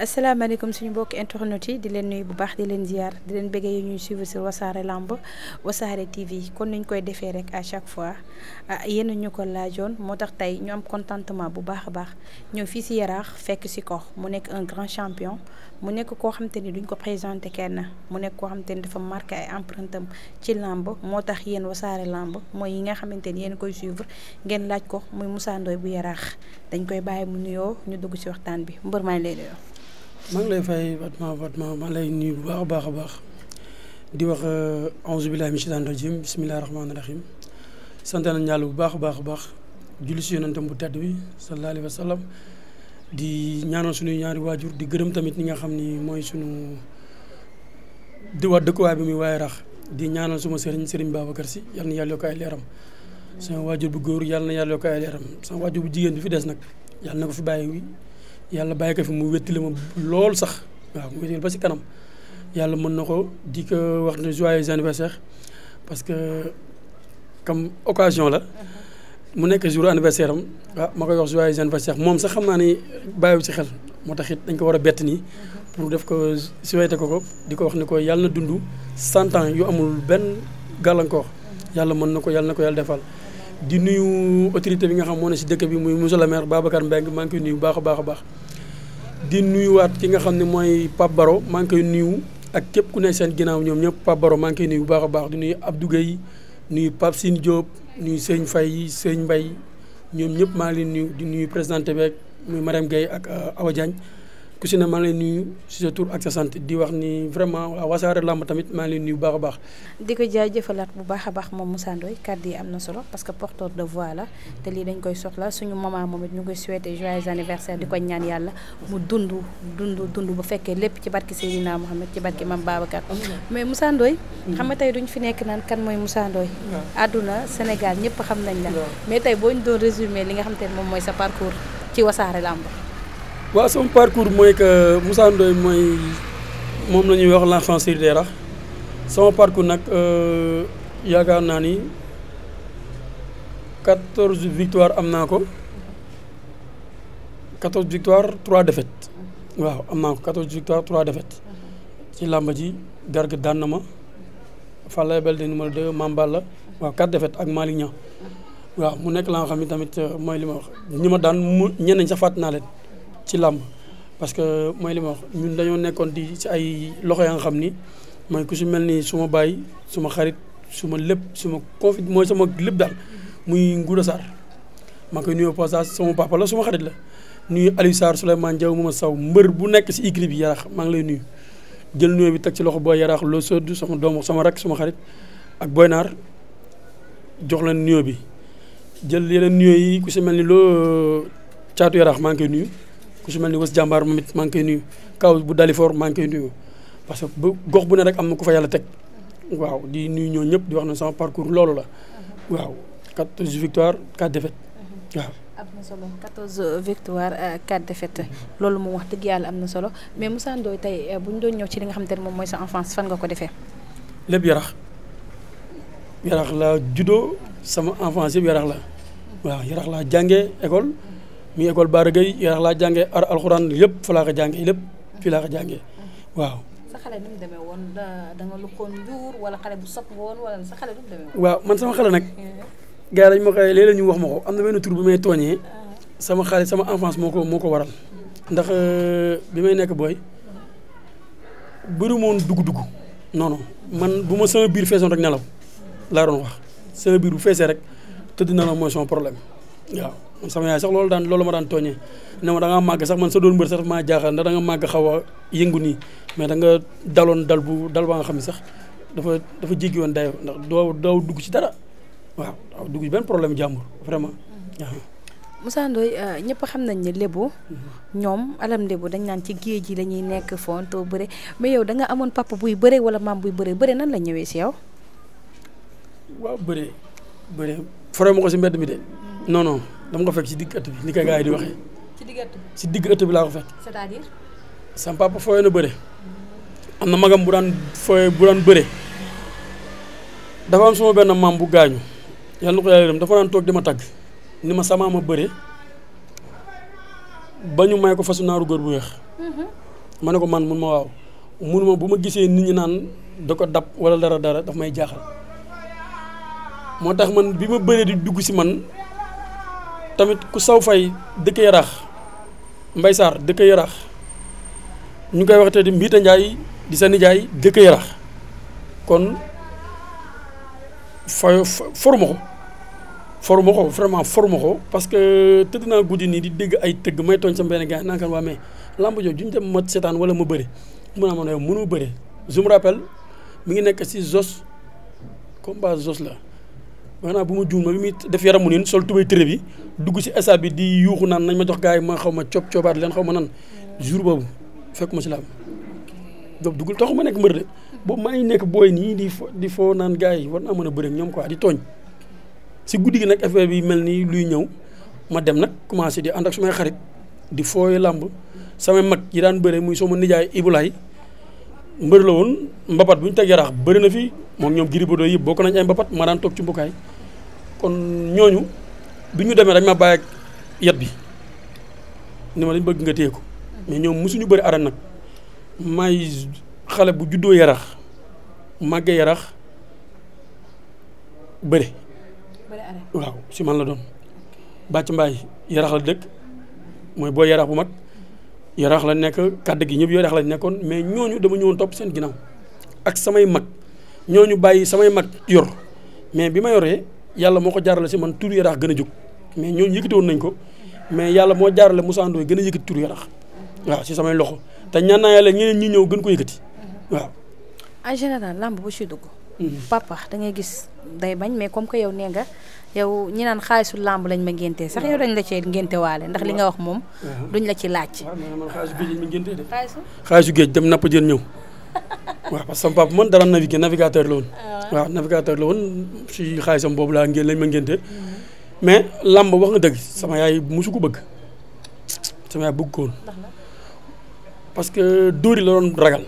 asalaamaaleykum suñu mbokki internet yi di leen nuyu bu baax di leen ziar di leen bëggee yi ñuy suivre sur wasaare lamb wasaare TV kon niñ koy defee rek à chaque fois ah yéen ñu ko laajoon moo tax tey ñu am contentement bu baax a baax ñëw fii si yaraax fekk si ko mu nekk un grand champion mu nekk koo xamante ni duñ ko présenté kenn mu nekk koo xamante ni dafa marqué ay empreinte am ci lamb moo tax yéen wasaare lamb mooy yi nga xamante ni yéen koy suivre ngeen laaj ko muy Moussa bu yaraax dañ koy bàyyi mu nuyoo ñu dugg si waxtaan bi mbër maa ngi lay maa ngi lay fay Fatma Fatma man lay nuyu bu baax a baax a baax di wax euh, auzu billaahi mina shaytaani rajiim bismillaahi rahmaani rahiim sant nañu yàlla bu baax a baax a baax julli si yonentam bu tedd bi sallallaahu alayhi wa di ñaanal suñu ñaari waajur di gërëm tamit ñi nga xam ni mooy suñu di wax dëkkuwaay bi muy waaye rax di ñaanal suma sëriñ sëriñ Babacar si yal na yàlla yokk ay leeram sama waajur bu góor yàlla na yàlla yokk ay leeram sama waajur bu jigéen bi fi des nag yàlla na ko fi bàyyi yàlla bàyyi ko fi mu wéttali ma lool sax waaw mu wéttali ba si kanam yàlla mën na ko di ko wax ne joyeux anniversaire parce que comme occasion la mu nekk jour anniversaire am waaw ah ma koy wax joyeux anniversaire moom sax xam naa ni bàyyiwu si xel moo taxit dañ ko war a bett nii pour def ko souhaité ko ko di ko wax ni ko yàlla na dund cent ans yu amul benn gàllankoor yàlla mën na ko yàlla na ko yàlla defal di nuyu autorité bi nga xam moo ne si dëkk bi muy monsieur le maire Babacar Mbengue maa ngi koy nuyu a baax a baax di nuyuwaat ki nga xam ne mooy Pape Baro maa ngi koy nuyu ak képp ku ne seen ginnaaw ñoom ñëpp Pape Baro maa ngi koy nuyu bu baax a baax di nuyu Abdou Gueye nuyu Pape Sine Diop nuyu Sëñ Faye Sëñ mbay ñoom ñëpp maa ngi leen nuyu di nuyu présidente beeg muy Marème Gueye ak euh, Awa Diagne. ku si ne maa ngi lay nuyu si ak sa sant di wax ni vraiment waa Wassare tamit maa ngi lay baax a baax. di ko jaajëfalaat bu baax a baax moom Moussa Ndoye yi am na solo parce que porteur de voix la te lii dañ koy soxla suñu maman moom it ñu koy souhaité joyeux anniversaire di ko ñaan yàlla mu dund dund dund bu fekkee lépp ci barki Seydina Mohamed ci barki Mam Babacar. mais Moussa Ndoye. duñ fi nekk naan kan mooy Moussa àdduna Sénégal waa sama parcours mooy que Moussa Ndoye mooy moom la ñuy wax l'enfant sur les rails sama parcours nag euh, yaakaar naa ni quatorze victoire am naa ko quatorze victoire trois défaites waaw am naa ko quatorze victoire trois défaites ci làmba ji garga daan na ma Falaye Baldé numéro de Mambal la waaw quatre défaites ak Malick Niang waaw mu nekk la nga xam ne tamit euh, mooy li ma wax ñi ma daan mu ñenn ñi sax fàtt ci làmb parce que mooy li ma ñun dañoo nekkoon di ci ay loxo ya nga xam ni mooy ku si mel ni suma baay suma xarit suma lépp suma confit mooy sama lépp daal muy Ngouda Sarr maa ngi koy nuyoo passage sama papa suma xarit la nuyu Aliou Sarr Souleymane Diaw Mama Saw mbër bu nekk si écurie bi yaraax maa ngi lay nuyu jël nuyoo bi teg ci loxo booy yaraax loo soddu sama doom sama rakk suma xarit ak Boy Naar jox leen nuyoo bi jël yeneen nuyoo yi ku si mel ni loo caatu yaraax maa ngi koy nuyu ku si mel ni was jàmbaar moom it maa ngi nuyu kaw bu Dalifor man ngi koy nuyu parce que bu gox bu ne rek am na ko fa yàlla teg waaw di nuyu ñoo ñëpp di wax na sama parcours loolu la waaw 14 victoires 4 défaites mhm. waaw. am solo 14 victoires 4 euh, défaites loolu moom wax dëgg yàlla am na solo mais Moussa Ndoye tey euh, bu ñu doon ñëw ci li nga xamante ne moom mooy sa enfance fan nga ko defee. lépp yarax yarax laa juddoo sama enfance yëpp yarax la waaw yarax laa jàngee école. mi école Baara Gueye yaa laa jàngee ar alxuraan yëpp fa laa lépp fii laa ko jàngee waaw. sa xale ni mu bu sa xale man sama xale nag. gars dañ ma koy léeg ñu wax ma ko am na benn tur bu may tooñee. sama xale sama enfance moo ko moo ko waral. ndax euh, bi may nekk booy. bëri moon dugg-dugg. non man bu ma sama biir feesoon rek nelaw laa doon wax sama bu feesee rek tëdd nelaw mooy son problème sama yaay sax loolu daan loolu ma daan tooñee ne ma da ngaa màgg sax man sa doon mbër sax maa jaaxal ndax danga nga màgg xaw yëngu nii mais danga daloon dal bu dal ba nga xam ne sax dafa dafa jéggi woon ndax doo doo dugg ci dara waaw dugg ci benn problème jàmbur vraiment. Moussa Ndoye euh, ñëpp xam nañ ne lébu mhm. ñoom alam lébu dañ naan ci géej gi la ñuy nekk fontoo bëre mais yow danga amoon papa buy bëre wala maam buy bëre bëre nan la ñëwee si yow. waaw mi de non dama ko fekk ci digg bi ni ko gars di waxee. ci digg ëtt bi ci digg na bëre. na magam bu daan fooyee bu daan bëre. dafa am benn maam bu gaañu yàlla na ko yàlla yërëm dafa toog di ma tàgg ni ma samaa ma bëre ba ñu may ko fasu naaru góor bu weex. Mm-hmm. ma ne ko man mun ma waaw mun bu ma gisee nit ñi naan da ko dab wala dara dara daf may jaaxal moo tax man bi ma bëree di dugg si man. tamit ku saw fay dëkk yaraax mbay saar dëkk yaraax ñu koy waxte di mbiita njaay di sa nijaay dëkk yaraax kon fay foruma ko foruma ko vraiment foruma ko parce que tëdd naa guddi nii di dégg ay tëgg may tooñ sa benn gars nankan waa mais lamb jooju duñ dem seetaan wala ma bëri mun a man mënoo bëri je me rappelle mi ngi nekk si Zos combat Zos la maanaam bu ma juum ma bi muy def yaramu neen sol tubay tëré bi dugg si stade bi di yuuxu naan nañ ma jox gars yi ma xaw ma coob coobaat leen xaw ma nan jour boobu fekk ma si laam donc duggul taxu ma nekk mbër de boobu maa ngi nekk booy nii di fo di foo naan gars yi war naa a bëri ñoom quoi di tooñ si guddi gi nag affaire bi mel nii luy ñëw ma dem nag commencé di ànd ak sumay xarit di fooy làmb samay mag yi daan bëre muy ma nijaay Ibulaay mbër la woon mbapat bu ñu teg yaraax bëri na fi moom ñoom Gris Bordeaux yëpp bokk nañ ay mbapat ma daan toog ci mbukaay kon ñooñu bi ñu demee dañ ma bàyyi ak yet bi ni ma dañ bëgg nga téye ko mais ñoom mosuñu bëri arène nag may xale bu juddoo yarax màggee yarax bëri. waaw si man la doon bàcc mbaay yarax la dëkk mooy booy yarax bu mag yarax la nekk kàdd gi ñëpp yarax la nekkoon mais ñooñu dama ñëwoon topp seen ginnaaw ak samay mag ñooñu bàyyi samay mag yor mais bi ma yoree yàlla moo ko jaarale si man tur yaraax gën a jóg mais ñooñu yëkkati woon nañ ko mais yàlla moo jaarale Moussa Ndoye gën a yëkkati tur yaraax waaw si samay loxo te ñaan naa yàlla ñeneen ñi ñëw gën ko yëkkati waaw. en général lamb bu si dugg. Hmm. papa da ngay gis day bañ mais comme que yow nee nga yow ñi naan xaalisu lamb lañ ma ngéntee sax yow dañ la cee ngénte waale ndax li nga wax moom. duñ la ci laaj. waaw man xaalisu géej lañ ma ngéntee de. dem napp jën ñëw. waa parce que sama papa man dara navigué navigateur la woon. Ah waa navigateur la woon si xaalisam boobu laa ngeen lañ ma ngénte mais làmb wax nga dëgg sama yaay musu ko bëgg sama yaay bëgg ko woon parce que dóori la doon ragal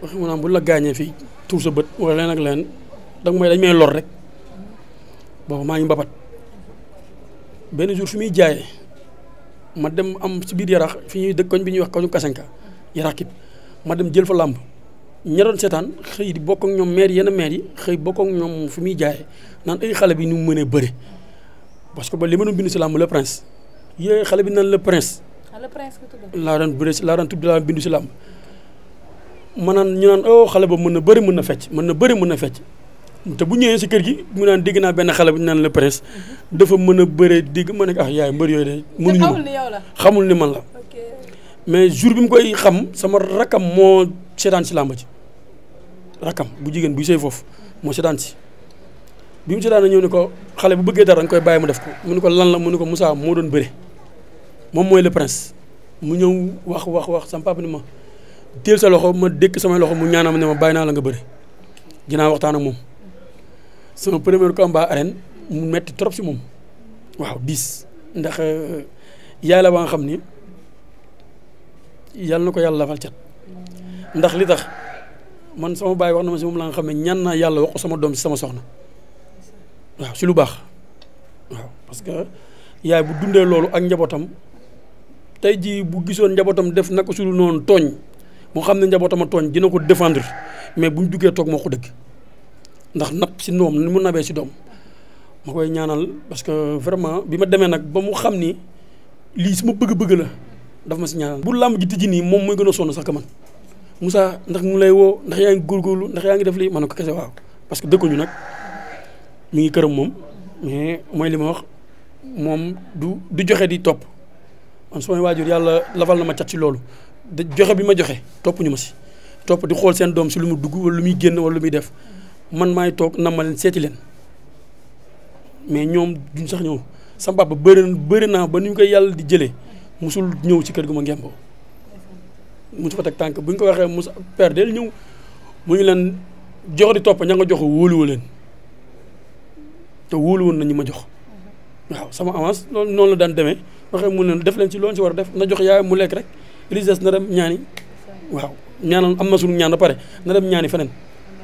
wax nga maanaam bu la gaañee fii tuur sa bët wala leen ak leneen danga mooy dañ may lor rek boobu maa ngi mbapat benn jour fi muy jaayee ma dem am si biir yarax fi ñuy dëkk koñ bi ñuy wax koñu kasanka yarax kit ma dem jël fa làmb ña doon seetaan xëy di bokk ak ñoom maire yenn maire yi xëy bokk ñoom fi muy jaayee naan ay xale bi ñu mënee bëre parce que ba li ma bind si làmb la prince yooyu xale bi naan le prince. ah le prince laa daan bëre si laa daan tudd laa bindu si làmb ma naan ñu naan oh xale boobu mën na bëri mën na fecc mën na bëri mën na fecc te bu ñëwee si kër gi mu naan dégg naa benn xale bi ñu naan la prince mhm. dafa mën a bëre dégg ma ne ah yaay mbër yooyu de. mënuñu xamul ni man la mais jour bi mu koy xam sama rakam moo. seetaan si làmba ji rakam bu jigéen buy sëy foofu moo seetaan si bi mu seetaan ñëw ne ko xale bu bëggee dara dañ koy bàyyi mu def ko mu ne ko lan la mu ne ko Moussa moo doon bëre moom mooy le prince mu ñëw wax wax wax sama papa ni ma teel sa loxo ma dékk samay loxo mu ñaanam ne ma bàyyi naa la nga bëre dinaa waxtaan ak moom sama premier combat arène mu metti trop si moom waaw diis ndax euh, yaay la ba nga xam ni yàlla na ko yàlla lafal cat ndax li tax man sama bàyyi wax na ma si moom la nga xam ne ñaan naa yàlla wax ko sama doom si sama soxna waaw si lu baax waaw parce que yaay bu dundee loolu ak njabootam tey jii bu gisoon njabootam def na ko su lu noonu tooñ moo xam ne njabootam a tooñ dina ko défendre mais bu ñu duggee toog moo ko dëgg ndax nab si doom ni mu nabee si doom ma koy ñaanal parce que vraiment bi ma demee nag ba mu xam ni lii sama bëgg-bëgg la daf ma si ñaanal. bu làmb ji tijji nii moom mooy gën a sonn sax man. musaa ndax mu lay woo ndax yaa ngi góorgóorlu ndax yaa ngi def lii ma ne ko kese waaw parce que dëkkuñu nag mu ngi këram moom mais mooy li ma wax moom du du joxe di topp man su waajur yàlla lafal na ma cat ci loolu da joxe bi ma joxe topp ñu ma si topp di xool seen doom si lu mu dugg wala lu muy génn wala lu muy def man maay toog nam ma leen seeti leen mais ñoom duñ sax ñëw sama papa bëri bëri naa ba ni ñu koy yàlla di jëlee mosul ñëw ci kër gu ma ngemboo mu musu fa teg tànk bu ñu ko waxee mus père del ñëw mu ñu leen jox di topp ña nga jox wóoluwu leen te wóolu woon nañu ma jox waaw sama avance loolu noonu la daan demee waxee mu leen def leen ci loolu ci war a def na jox yaay mu lekk rek rises na dem ñaani waaw ñaanal am na suñu ñaan ba pare na dem ñaani feneen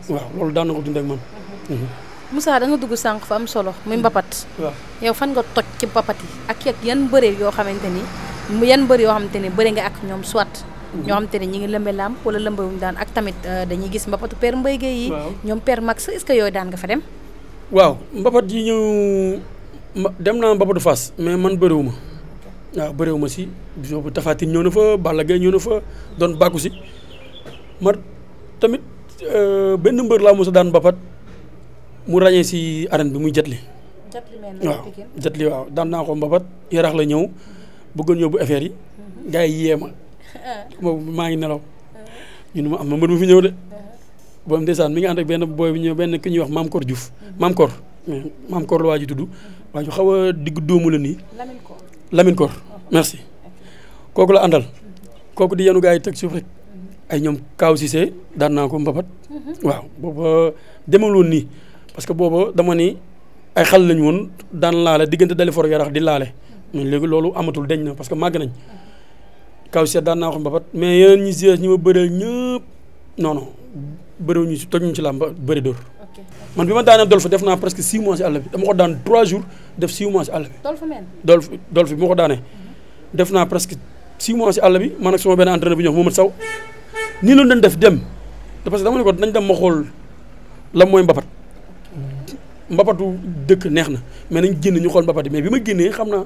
waaw loolu daan na ko dund ak man mhm. Moussa da dugg sànq fa am solo muy mbapat yow fan nga toj ci mbapat yi ak yan bëre yoo xamante ni yan bëre yoo xamante ni bëre nga ak ñoom soit ñoo xam te ne ñi ngi lëmbe làmb wala lëmbewuñu daan ak tamit euh, dañuy gis mbapatu père Mbaye Guèye yi ñoom père Max est-ce que yooyu daan nga dem waaw mbapat yi ñëw dem naa mbapatu Fass mais man bëriwuma waaw bëriwuma si bu Tapha Tine na fa Balla Gaye na fa doon bàkku si euh, benn mbër laa mos daan mbapat mu ràññee si arène bi muy Jetli waaw Jetli waaw daan naa ko mbapat yarax la ñëw bëggoon yóbbu affaire yi mhm. gars yi yéema moom maa ngi nelaw ñu ne am na mbër mu fi ñëw de boobu ndeysaan mi ngi ànd ak benn booy bu ñëw benn ki ñuy wax maam Kor Diouf maam Kor maam Kor la waa ji tudd waa ju xaw a digg dóomu la nii Lamine Kor merci kooku la àndal kooku di yenu gaa yi teg suuf rek ay ñoom Kaaw Cissé daan naa ko mbabat waaw booba demaloon nii parce que booba dama ni ay xal lañu woon daan laale diggante dali for yarax di laale mais léegi loolu amatul deñ na parce que màgg nañ kaw seet daan naa wax mbapat mais yeneen ñi si ñi ma bëreel ñëpp non non bëriwul ñu si toj ñu ci làmba bëri dóor. man bi ma daanee dolf def naa presque 6 mois si àll bi ko daan 3 jours def 6 mois si àll bi. dolf mel. dolf dolf bi ko daanee. def naa presque 6 mois si àll bi man ak sama benn entraîneur bi ñëw Momadou Sow nii ni ñu doon def dem parce que dama ne ko nañ dem ma xool lan mooy mbapat. mbapatu dëkk neex na mais nañ génn ñu xool mbapat yi mais bi ma génnee xam naa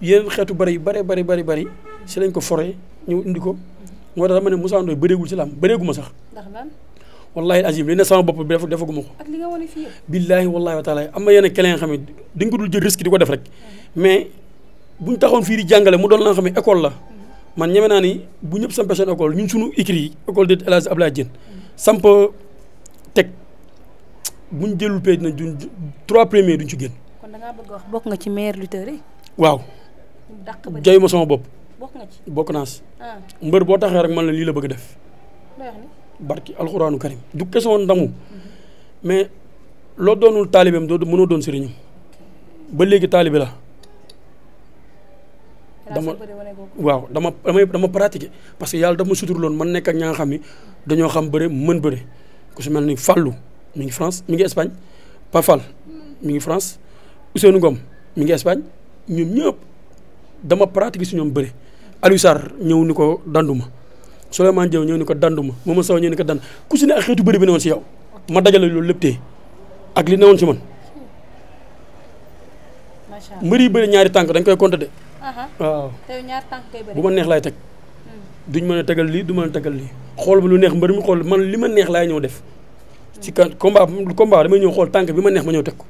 yeneen xeetu bari yu bari bari bari bari. si lañ ko foree ñëw indi ko moo tax dama ne musaan Ndoye bëreegul ci làmb bëreegu ma sax. ndax lan. wallaahi azim li ne sama bopp bi defaguma ko. ak li nga wane fii. billaahi wallaahi wa taala am na yenn keneen xam ne dañ ko dul jël risque di ko def rek. Mhm. mais bu buñ taxoon fii di jàngale mu doon la nga xam ne école la. Mhm. man ñeme naa ni bu ñëpp sampee seen école ñun suñu écrit yi école de El Hadj Abdoulaye Diène mhm. samp teg buñ jëlul pay dinañ duñ trois premiers duñ ci génn. kon da ngaa bokk nga ci meilleur lutteur yi. waaw. dàq ma sama bopp. bokk naa si. Ah. mbër boo taxee rek man la lii la bëgg def. barki alxuraanu karim du question ndamu. mais loo doonul taalibeem doo mënoo doon sëriñam ba léegi taalibe la. dama waaw dama damay dama pratiquer parce que yàlla daf ma suturloon man nekk ak ñaa xam ni dañoo xam bëre mën bëre ku si mel ni Fallou mi ngi France mi ngi Espagne Pafal mi ngi France Ousseynou Ngom mi ngi Espagne ñoom ñëpp dama pratiquer si ñoom bëre. Aliou Sarr ñëw ni ko danduma Souleymane Diaw ñëw ni ko danduma Momadou Sow ñëw ni ko dand ku si ne ak xeetu bëri bi newoon si yow ma dajale loolu lépp tee ak li newoon si man. macha allah mbër yi bëri ñaari tànk dañ koy compter de. waaw tey ñaari tànk koy bëri bu ma neex laay teg. Hmm. duñ mën a tegal lii du mën tegal lii xool bu lu neex mbër mi xool man li ma neex laay ñëw def. ci hmm. kan combat combat damay ñëw xool tànk bi ma neex ma ñëw teg ko.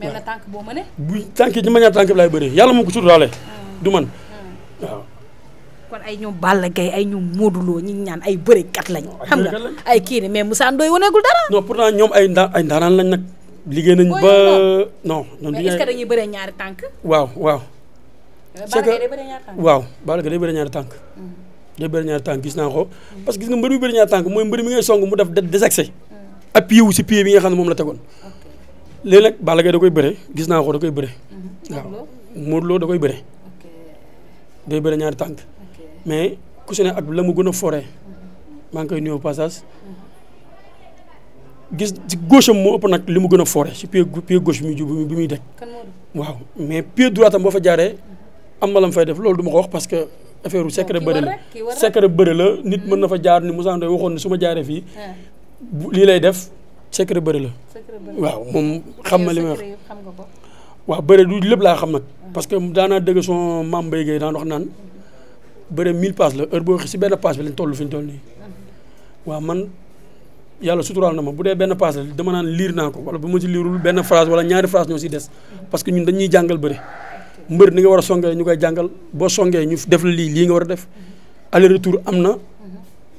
mel hmm. na tànk boo mënee. bu tànk yi ma ñaar tànk bi laay bëree yàlla moo ko suturaale. du man kon ay ñoom Balla Gaye ay ñoom Modou Lo ñi ñaan ay bërekat lañ xam nga ay kii ni mais Moussa Ndoye waneegul dara non pourtant ñoom ay ndaa ay ndaanaan lañ nag liggéey nañ ba non ñoom mais est-ce que dañuy bëree ñaari tànk waaw waaw euh, c'est que waaw Balla Gaye day bëri ñaari tànk mm. day bëri ñaari tànk gis naa ko parce que gis nga mbër mi bëri ñaari tànk mooy mbër mi ngay song mu def désaxé mm. appuyé wu si pied bi nga xam ne moom la tegoon léegi nag Balla Gaye da koy bëre gis naa ko da koy bëre mm-hmm. waaw Modou Lo da koy bëre day bëri ñaari tànk mais ku si ak la mu gën a fore maa ngi koy nuyoo passage gis ci gauche am moo ëpp nag li mu gën a fore si pied pied gauche bi muy jub bi muy deg waaw mais pied droite am boo fa jaaree am na la mu fay def loolu du ma ko wax parce que affaire secret bëre la secret bëre la nit mën na fa jaar ni Moussa Ndoye waxoon ne su ma jaaree fii ah. lii lay def secret bëre la waaw moom xam na li may wax waaw bëre du lépp laa xam nag parce que daanaa dëgg son maam Mbaye Guèye daan wax naan bëre 1000 paas la heure boo xi si benn paas bi lañ toll fi ñu toll nii waaw man yàlla suturaal na ma bu dee benn paas la dama naan liir naa ko wala bu ma si liirul benn phrase wala ñaari phrase ñoo si des parce que ñun dañuy jàngal bëre mbër ni nga war a songee ñu koy jàngal boo songee ñu def la lii lii nga war a def aller retour am na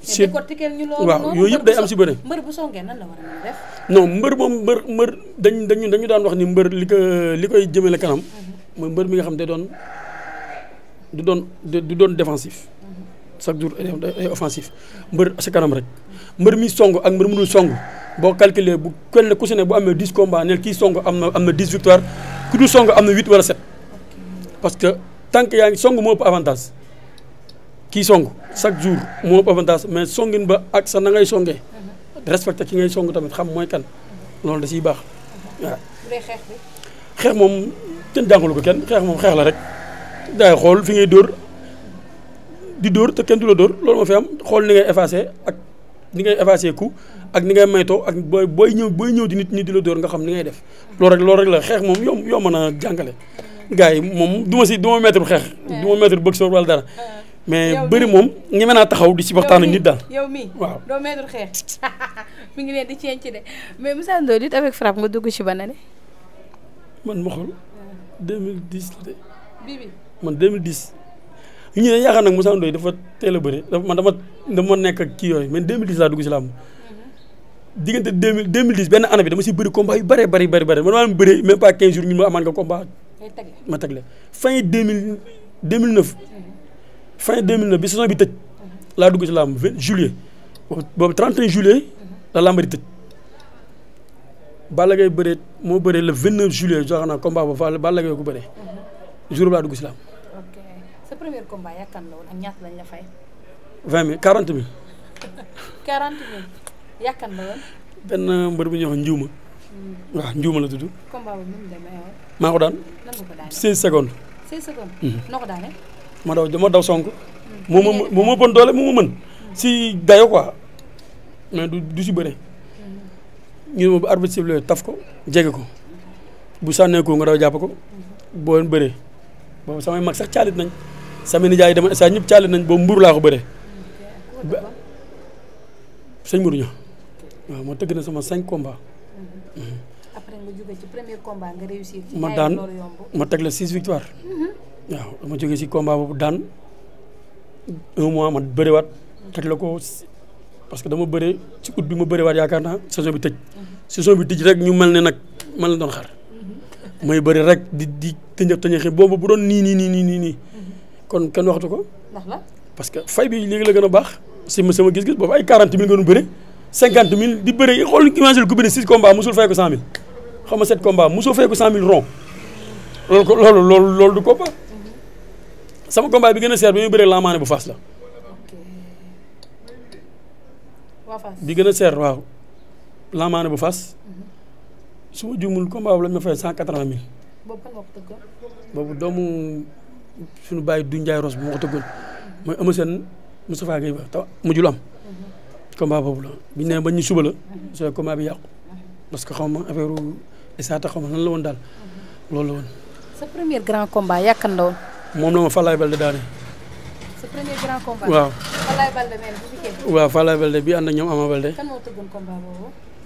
si waaw yooyu yëpp day am si bëre mbër bu songee nan non mbër moom mbër mbër dañ dañu dañu daan wax ni mbër li ko li la jëmale kanam mhm. mooy mbër mi nga xam te doon du doon du doon défensif chaque jour day offensif mbër si kanam rek mbër mi song ak mbër mu dul song boo calculer bu kenn ku si ne bu amee 10 combats neel kii song am na am na 10 victoire ku dul song am na 8 wala 7 parce que tant yaa ngi song moo ëpp avantage kii song chaque jour moo ëpp avantage mais songin ba ak sa na ngay songee respecté ki ngay song tamit xam mooy kan loolu da siy baax waaw. xeex moom kenn jàngalu ko kenn xeex moom xeex la rek. day xool fi ngay door di door te kenn du la door loolu moo fi am xool ni ngay effacé ak ni ngay effacé ku ak ni ngay maytoo ak booy booy ñëw booy ñëw di nit ñi di la door nga xam ni ngay def loolu rek loolu la xeex moom yomb yomb a jàngale. gars yi moom du ma si du ma maître xeex. du ma maître boxe wala dara. mais bëri moom ñi mën a taxaw di si waxtaan ak nit daal. yow mii waaw doo maître xeex mi ngi leen ci de mais Moussa Ndoye lutte avec frappe nga dugg ci ban année. man ma xool 2010 man 2010 ñu ne yaakaar nag Moussa Ndoye dafa teel a bëri dafa man dama dama nekk ak kii yooyu man 2010 laa dugg si làmb diggante 2000 2010 benn année bi dama si bëri combat yu bëree bëri bëri bëri man maa bëri même pas 15 jours ñun ma amaan nga combat. ma teg la fin 2000 2009. fin 2009 bi saison bi tëj. laa dugg si làmb 20 juillet boobu 31 juillet la làmb di bëree moo bëree le 29 juillet jox naa combat ba fa Balla Gaye ko bëree jour bi laa dugg si làmb. premier combat yàkkan la woon ak ñaata lañ la fay. vingt mille quarante mille. quarante mille yàkkan la woon. mbër bu ñuy njuuma. Hmm. waaw njuuma la tudd. combat bu daan. lan secondes. Hmm. ma daw ma daw sonk. mu hmm. ma mu ma bon doole mu ma mën. si dayo quoi mais du du si bëre. ñu ne ma bu arbitre sifflé taf ko jege ko bu sànnee ko nga daw jàpp ko boo leen bëree boobu samay mag sax caalit nañ. sama nijaay dama saa ñëpp càll nañ boobu mburu laa ko bëre sëñ mburu waaw moo tëgg na sama cinq mhm. combat après ma daan ma teg la six victoire mhm. waaw dama jóge ci combat boobu daan un mois ma bëriwaat teg la ko parce que dama bëre ci août bi ma bëriwaat yaakaar naa saison bi tëj mhm. saison bi tëj rek ñu mel ne nag man la doon xar may bëri rek di di tëñëx tëñëxi boobu bu doon nii nii nii nii nii nii kon kenn waxatu ko. ndax parce que fay bi léegi la gën a baax. si sama gis-gis boobu ay 40 mille nga doon bëri. 50 mille di bëri xool imagine ku bëri 6 combats mosul fay ko 100 mille xam nga 7 combats mosoo fay ko 100 mille rond loolu ko loolu loolu loolu du combat sama combat bi gën a seer bi muy bëree laamaane bu faas la. bi gën a seer waaw laamaane bu faas su ma juumul combat bu lañ ma fay 180 mille. boobu doomu. sunu bàyyi du Ndiaye Rose bu ko tëggoon mooy Eumeu Sène Moustapha Guèye mujjul am. combat boobu la bu ñu nee la sooy combat bi yàqu parce que xaw ma affaire esaata xaw ma nan la moom la Balde daane. waaw Falaye Balde bi ànd ñoom Ama Balde. kan moo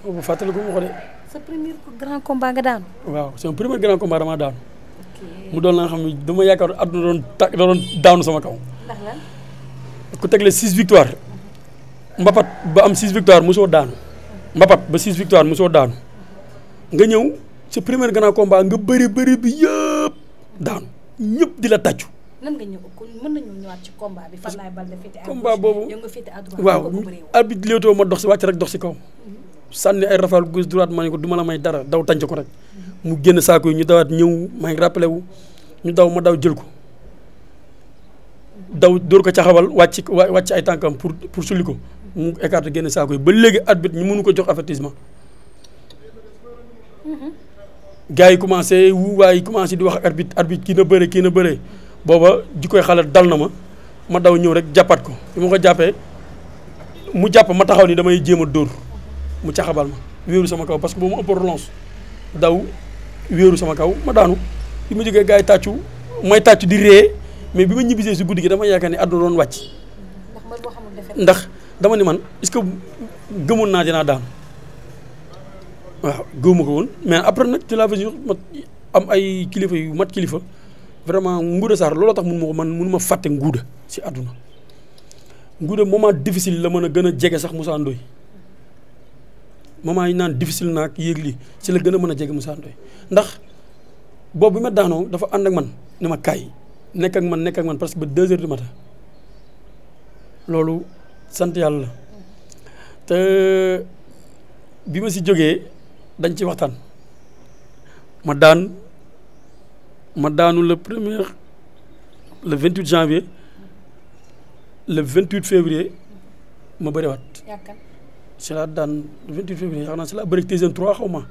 ko de. sa premier grand combat nga daan. waaw sama premier grand combat dama daan. mu doon la nga xam ne dama yaakaar àdduna doon ta doon daanu sama kaw. ndax lan ku tegle six victoire mbapat ba am six victoire mosoo daanu. mbapat ba six victoire mosoo daanu ñëw sa premier grand combat nga bëri bëri bi yëpp daanu ñëpp di la tàccu. lan nga ñëw mën nañu ñëwaat ci combat bi fan laay Baldé boobu waaw arbitre ma dox si wàcc rek dox si kaw. Mhm. sànni ay rafal gauche droite ma ne ko du ma la may dara daw tànc ko rek. mu génn saako yi ñu dawaat ñëw maa ngi rappelé wu ñu daw ma daw jël ko daw dóor ko caxabal wàcc wàcc ay tànkam pour pour sulli ko mu écarté génn saako yi ba léegi at bit ñu mënu ko jox avertissement mm-hmm. gars yi commencé wu waaye commencé di wax ak at bit kii na bëre kii na bëre booba di koy xalaat dal na ma ma daw ñëw rek jàppat ko bi ma ko jàppee mu jàpp ma taxaw ni damay jéem a dóor mu caxabal ma wéeru sama kaw parce que boo ma ëpp relance daw wéeru sama kaw ma daanu bi ma jógee gars yi tàccu may tàccu di ree mais bi ma ñibbisee si guddi gi dama yaakaar ni àdduna doon wàcc ndax dama ni man est que gëmoon naa dinaa daanu waaw gëwuma ko woon mais après nag ci la vision ma am ay kilifa yu mat kilifa vraiment Ngouda Sarr looloo tax mun ma man mun ma fàtte Ngouda si àdduna Ngouda moment difficile la mën a gën a jege sax Moussa Ndoye moment yi naan difficile ak yéeg li si la gën a mën a jege Moussa Ndoye ndax boobu bi ma daanoo dafa ànd ak man ne ma kaay nekk ak man nekk ak man parce que ba deux heures du matin loolu sant yàlla la te bi ma si jógee dañ ci waxtaan ma daan ma daanu le premier le vingt huit janvier le vingt huit février ma bëriwaat si laa daan 28 février xam naa si laa bëri Tyson 3 xaw ma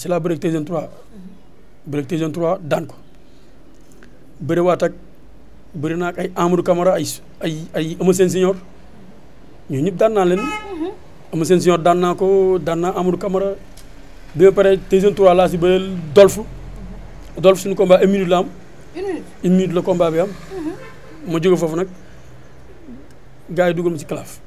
si laa bëri Tyson 3 mm-hmm. bëri Tyson 3 daan ko bëriwaat ak bëri naa Amadou Camara ay ay ay Eumeu Sène ñëpp daan naa leen mm-hmm. Eumeu Sène Senior daan Amadou Camara bi ma paree Tyson 3 laa si bëreel Dolph mm-hmm. Dolph suñu combat une minute la am. une minute la combat bi am. ma jóge foofu nag gars yi dugal ma ci calaf.